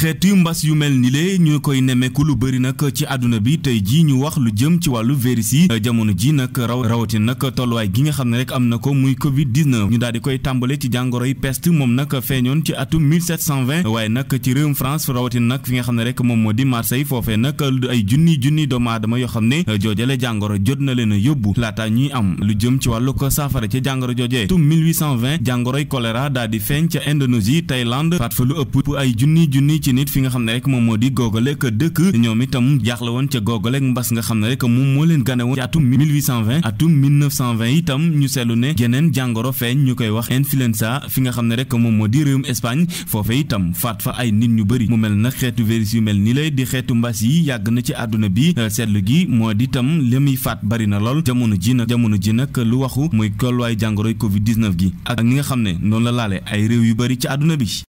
xeetu mbas yu mel ni le ñu koy nemmeeku lu bëri nag ci àdduna bi tey jii ñu wax lu jëm ci wàllu virus yi jamono ji nag raw rawatin nag tolluwaay gi nga xam ne rek am na ko muy Covid 19 ñu daal di koy tàmbale ci jàngoro yi peste moom nag feeñoon ci atum 1720 waaye nag ci réewum France rawatin nag fi nga xam ne rek moom moo di Marseille foofee nag ay junni junni doomu aadama yoo xam ne joojale jàngoro jot na leen a yóbbu laata ñuy am lu jëm ci wàllu ko saafara ci jàngoro joojee atum 1820 jàngoroy choléra daal di feeñ nit fi nga xam ne rek moom moo di googalek dëkk ñoom itam jaaxle woon ca googalek mbas nga xam ne rek moom moo leen gane woon ci atum 1820 atum 1920 itam ñu seetlu ne yeneen jàngoro feeñ ñu koy wax influenza fi nga xam ne rek moom moo di réewum Espagne foofe itam faat fa ay nit ñu bëri mu mel na xeetu virus yu mel ni lay di xeetu mbas yi yàgg na ci àdduna bi euh, seetlu gi moo di itam li muy faat bëri na lool jamono ji nag jamono ji nag lu waxu muy kolluwaay jàngoroy covid 19 gi ak ñi nga xam ne noonu la laale ay réew yu bëri ci àdduna bi